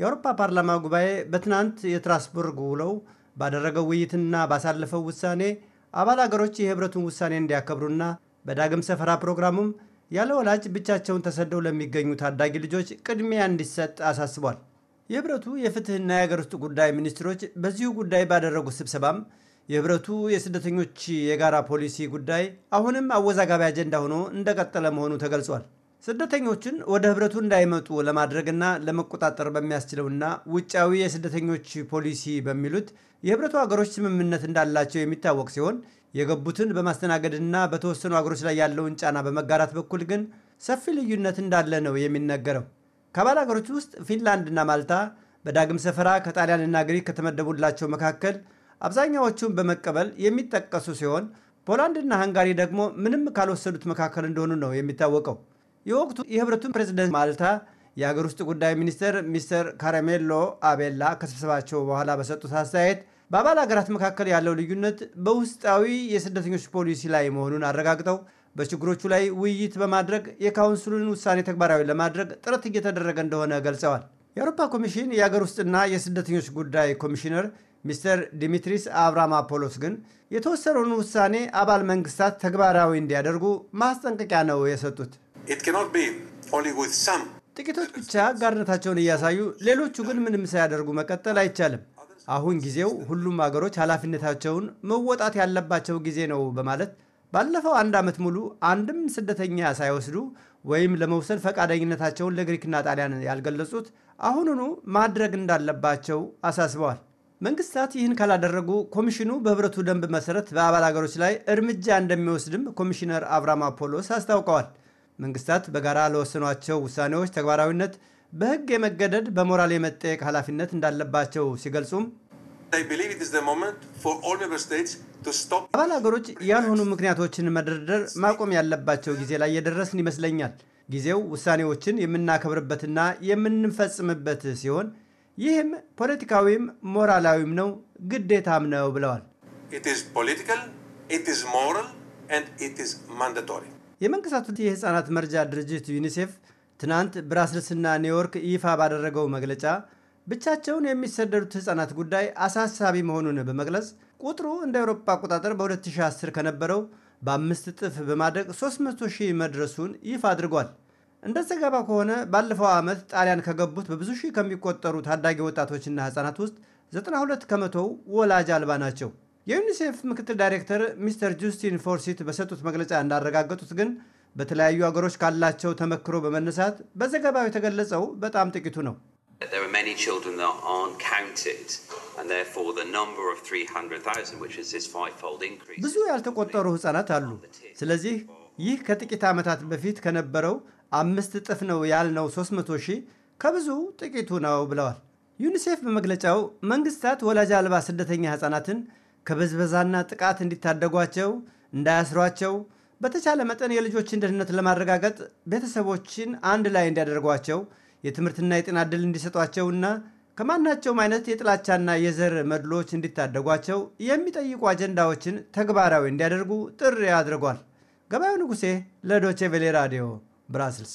የአውሮፓ ፓርላማ ጉባኤ በትናንት የትራስቡርግ ውለው ባደረገው ውይይትና ባሳለፈው ውሳኔ አባል አገሮች የህብረቱን ውሳኔ እንዲያከብሩና በዳግም ሰፈራ ፕሮግራሙም ያለ ወላጅ ብቻቸውን ተሰደው ለሚገኙ ታዳጊ ልጆች ቅድሚያ እንዲሰጥ አሳስቧል። የህብረቱ የፍትህና የአገር ውስጥ ጉዳይ ሚኒስትሮች በዚሁ ጉዳይ ባደረጉት ስብሰባም የህብረቱ የስደተኞች የጋራ ፖሊሲ ጉዳይ አሁንም አወዛጋቢ አጀንዳ ሆኖ እንደቀጠለ መሆኑ ተገልጿል። ስደተኞችን ወደ ህብረቱ እንዳይመጡ ለማድረግና ለመቆጣጠር በሚያስችለውና ውጫዊ የስደተኞች ፖሊሲ በሚሉት የህብረቱ ሀገሮች ስምምነት እንዳላቸው የሚታወቅ ሲሆን የገቡትን በማስተናገድና በተወሰኑ ሀገሮች ላይ ያለውን ጫና በመጋራት በኩል ግን ሰፊ ልዩነት እንዳለ ነው የሚነገረው። ከአባል ሀገሮች ውስጥ ፊንላንድና ማልታ በዳግም ሰፈራ ከጣሊያንና ግሪክ ከተመደቡላቸው መካከል አብዛኛዎቹን በመቀበል የሚጠቀሱ ሲሆን ፖላንድና ሃንጋሪ ደግሞ ምንም ካልወሰዱት መካከል እንደሆኑ ነው የሚታወቀው። የወቅቱ የህብረቱን ፕሬዚደንት ማልታ የሀገር ውስጥ ጉዳይ ሚኒስትር ሚስተር ካረሜሎ አቤላ ከስብሰባቸው በኋላ በሰጡት አስተያየት በአባል ሀገራት መካከል ያለው ልዩነት በውስጣዊ የስደተኞች ፖሊሲ ላይ መሆኑን አረጋግጠው በችግሮቹ ላይ ውይይት በማድረግ የካውንስሉን ውሳኔ ተግባራዊ ለማድረግ ጥረት እየተደረገ እንደሆነ ገልጸዋል። የአውሮፓ ኮሚሽን የአገር ውስጥና የስደተኞች ጉዳይ ኮሚሽነር ሚስተር ዲሚትሪስ አብራማፖሎስ ግን የተወሰነውን ውሳኔ አባል መንግስታት ተግባራዊ እንዲያደርጉ ማስጠንቀቂያ ነው የሰጡት። ጥቂቶች ብቻ ጋርነታቸውን እያሳዩ ሌሎቹ ግን ምንም ሳያደርጉ መቀጠል አይቻልም። አሁን ጊዜው ሁሉም አገሮች ኃላፊነታቸውን መወጣት ያለባቸው ጊዜ ነው በማለት ባለፈው አንድ ዓመት ሙሉ አንድም ስደተኛ ሳይወስዱ ወይም ለመውሰድ ፈቃደኝነታቸውን ለግሪክና ጣሊያን ያልገለጹት አሁኑኑ ማድረግ እንዳለባቸው አሳስበዋል። መንግስታት ይህን ካላደረጉ ኮሚሽኑ በህብረቱ ደንብ መሰረት በአባል አገሮች ላይ እርምጃ እንደሚወስድም ኮሚሽነር አብራማፖሎስ አስታውቀዋል። መንግስታት በጋራ ለወሰኗቸው ውሳኔዎች ተግባራዊነት በህግ የመገደድ በሞራል የመጠየቅ ኃላፊነት እንዳለባቸው ሲገልጹም አባል ሀገሮች ያልሆኑ ምክንያቶችን መደርደር ማቆም ያለባቸው ጊዜ ላይ የደረስን ይመስለኛል። ጊዜው ውሳኔዎችን የምናከብርበትና የምንፈጽምበት ሲሆን ይህም ፖለቲካዊም ሞራላዊም ነው፣ ግዴታም ነው ብለዋል። የመንግስታቱ የህፃናት መርጃ ድርጅት ዩኒሴፍ ትናንት ብራስልስና ኒውዮርክ ይፋ ባደረገው መግለጫ ብቻቸውን የሚሰደዱት ህፃናት ጉዳይ አሳሳቢ መሆኑን በመግለጽ ቁጥሩ እንደ አውሮፓ አቆጣጠር በ2010 ከነበረው በአምስት እጥፍ በማድረግ 300 ሺህ መድረሱን ይፋ አድርጓል። እንደ ዘገባ ከሆነ ባለፈው ዓመት ጣሊያን ከገቡት በብዙ ሺህ ከሚቆጠሩ ታዳጊ ወጣቶችና ህፃናት ውስጥ 92 ከመቶው ወላጅ አልባ ናቸው። የዩኒሴፍ ምክትል ዳይሬክተር ሚስተር ጁስቲን ፎርሲት በሰጡት መግለጫ እንዳረጋገጡት ግን በተለያዩ አገሮች ካላቸው ተመክሮ በመነሳት በዘገባው የተገለጸው በጣም ጥቂቱ ነው። ብዙ ያልተቆጠሩ ሕፃናት አሉ። ስለዚህ ይህ ከጥቂት ዓመታት በፊት ከነበረው አምስት እጥፍ ነው ያልነው 300 ሺህ ከብዙ ጥቂቱ ነው ብለዋል። ዩኒሴፍ በመግለጫው መንግስታት ወላጅ አልባ ስደተኛ ሕፃናትን ከበዝበዛና ጥቃት እንዲታደጓቸው እንዳያስሯቸው በተቻለ መጠን የልጆችን ደህንነት ለማረጋገጥ ቤተሰቦችን አንድ ላይ እንዲያደርጓቸው የትምህርትና የጤና ድል እንዲሰጧቸውና ከማናቸውም አይነት የጥላቻና የዘር መድሎች እንዲታደጓቸው የሚጠይቁ አጀንዳዎችን ተግባራዊ እንዲያደርጉ ጥሪ አድርጓል። ገበያው ንጉሴ ለዶቼ ቬሌ ራዲዮ ብራስልስ